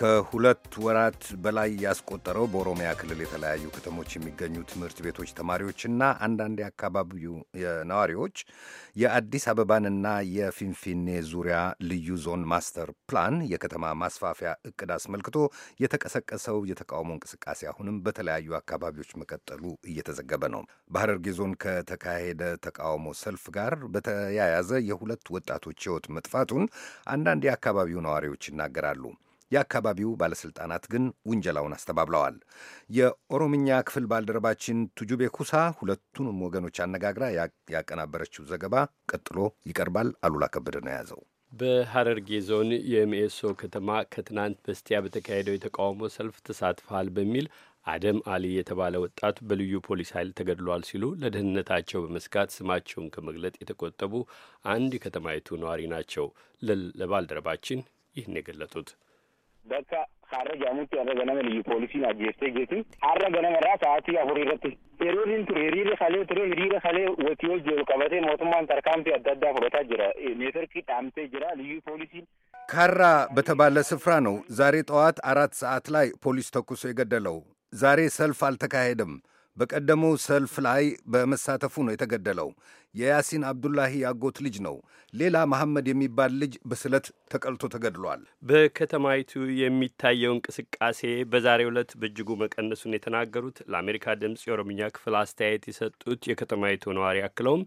ከሁለት ወራት በላይ ያስቆጠረው በኦሮሚያ ክልል የተለያዩ ከተሞች የሚገኙ ትምህርት ቤቶች ተማሪዎችና አንዳንድ የአካባቢው ነዋሪዎች የአዲስ አበባንና የፊንፊኔ ዙሪያ ልዩ ዞን ማስተር ፕላን የከተማ ማስፋፊያ እቅድ አስመልክቶ የተቀሰቀሰው የተቃውሞ እንቅስቃሴ አሁንም በተለያዩ አካባቢዎች መቀጠሉ እየተዘገበ ነው። በሐረርጌ ዞን ከተካሄደ ተቃውሞ ሰልፍ ጋር በተያያዘ የሁለት ወጣቶች ሕይወት መጥፋቱን አንዳንድ የአካባቢው ነዋሪዎች ይናገራሉ። የአካባቢው ባለሥልጣናት ግን ውንጀላውን አስተባብለዋል። የኦሮምኛ ክፍል ባልደረባችን ቱጁቤ ኩሳ ሁለቱንም ወገኖች አነጋግራ ያቀናበረችው ዘገባ ቀጥሎ ይቀርባል። አሉላ ከበደ ነው የያዘው። በሐረርጌ ዞን የሜሶ ከተማ ከትናንት በስቲያ በተካሄደው የተቃውሞ ሰልፍ ተሳትፈሃል በሚል አደም አሊ የተባለ ወጣት በልዩ ፖሊስ ኃይል ተገድሏል ሲሉ ለደህንነታቸው በመስጋት ስማቸውን ከመግለጥ የተቆጠቡ አንድ የከተማይቱ ነዋሪ ናቸው ለባልደረባችን ይህን የገለጡት። bakka har'a jaamutti har'a ganama liyyu poolisiin ajjeestee jirti. Har'a ganamarraa sa'aatii afur irratti yeroo inni ture hiriira kalee ture hiriira kalee watii ol jiru qabatee mootummaan tarkaampii adda addaa fudhataa jira ኔትወርክ ዳምቴ ጅራ ልዩ ፖሊሲን ካራ በተባለ ስፍራ ነው ዛሬ ጠዋት አራት ሰዓት ላይ ፖሊስ ተኩሶ የገደለው። ዛሬ ሰልፍ አልተካሄደም። በቀደመው ሰልፍ ላይ በመሳተፉ ነው የተገደለው። የያሲን አብዱላሂ ያጎት ልጅ ነው። ሌላ መሐመድ የሚባል ልጅ በስለት ተቀልቶ ተገድሏል። በከተማይቱ የሚታየው እንቅስቃሴ በዛሬው ዕለት በእጅጉ መቀነሱን የተናገሩት ለአሜሪካ ድምፅ የኦሮምኛ ክፍል አስተያየት የሰጡት የከተማይቱ ነዋሪ አክለውም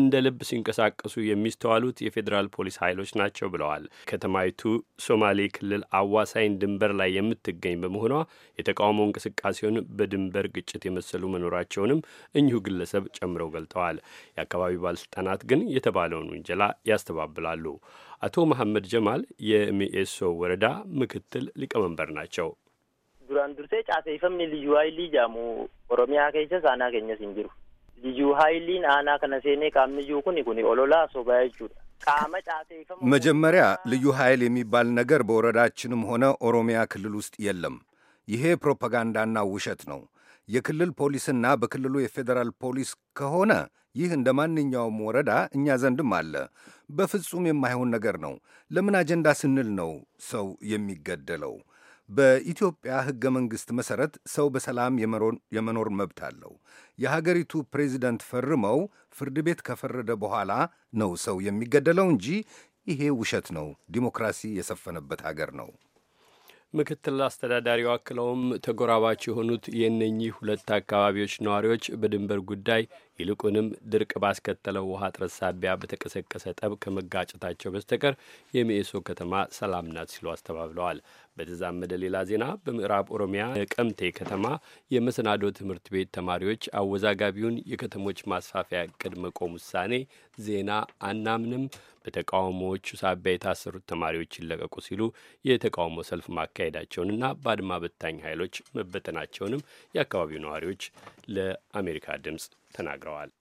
እንደ ልብ ሲንቀሳቀሱ የሚስተዋሉት የፌዴራል ፖሊስ ኃይሎች ናቸው ብለዋል። ከተማይቱ ሶማሌ ክልል አዋሳኝ ድንበር ላይ የምትገኝ በመሆኗ የተቃውሞ እንቅስቃሴውን በድንበር ግጭት የመሰሉ መኖራቸውንም እኚሁ ግለሰብ ጨምረው ገልጠዋል። የአካባቢው ባለስልጣናት ግን የተባለውን ውንጀላ ያስተባብላሉ። አቶ መሐመድ ጀማል የሚኤሶ ወረዳ ምክትል ሊቀመንበር ናቸው። ዱራን ዱርሴ ጫሴ ይፈምኒ ልዩ ሀይሊ ጃሙ ኦሮሚያ ከሰ አና ከኘ ሲንጅሩ ልዩ ሀይሊን አና ከነሴኔ ቃምንዩ ኩን ኩኒ ኦሎላ ሶባያችሁዳ መጀመሪያ ልዩ ኃይል የሚባል ነገር በወረዳችንም ሆነ ኦሮሚያ ክልል ውስጥ የለም። ይሄ ፕሮፓጋንዳና ውሸት ነው። የክልል ፖሊስና በክልሉ የፌዴራል ፖሊስ ከሆነ ይህ እንደ ማንኛውም ወረዳ እኛ ዘንድም አለ። በፍጹም የማይሆን ነገር ነው። ለምን አጀንዳ ስንል ነው ሰው የሚገደለው? በኢትዮጵያ ሕገ መንግሥት መሠረት ሰው በሰላም የመኖር መብት አለው። የሀገሪቱ ፕሬዚደንት ፈርመው ፍርድ ቤት ከፈረደ በኋላ ነው ሰው የሚገደለው እንጂ ይሄ ውሸት ነው። ዲሞክራሲ የሰፈነበት ሀገር ነው። ምክትል አስተዳዳሪው አክለውም ተጎራባች የሆኑት የእነኚህ ሁለት አካባቢዎች ነዋሪዎች በድንበር ጉዳይ ይልቁንም ድርቅ ባስከተለው ውሃ ጥረት ሳቢያ በተቀሰቀሰ ጠብ ከመጋጨታቸው በስተቀር የሚኤሶ ከተማ ሰላም ናት ሲሉ አስተባብለዋል። በተዛመደ ሌላ ዜና በምዕራብ ኦሮሚያ ቀምቴ ከተማ የመሰናዶ ትምህርት ቤት ተማሪዎች አወዛጋቢውን የከተሞች ማስፋፊያ እቅድ መቆም ውሳኔ ዜና አናምንም በተቃውሞዎቹ ሳቢያ የታሰሩት ተማሪዎች ይለቀቁ ሲሉ የተቃውሞ ሰልፍ ማካሄዳቸውንና በአድማ በታኝ ኃይሎች መበተናቸውንም የአካባቢው ነዋሪዎች ለአሜሪካ ድምፅ ተናግረዋል።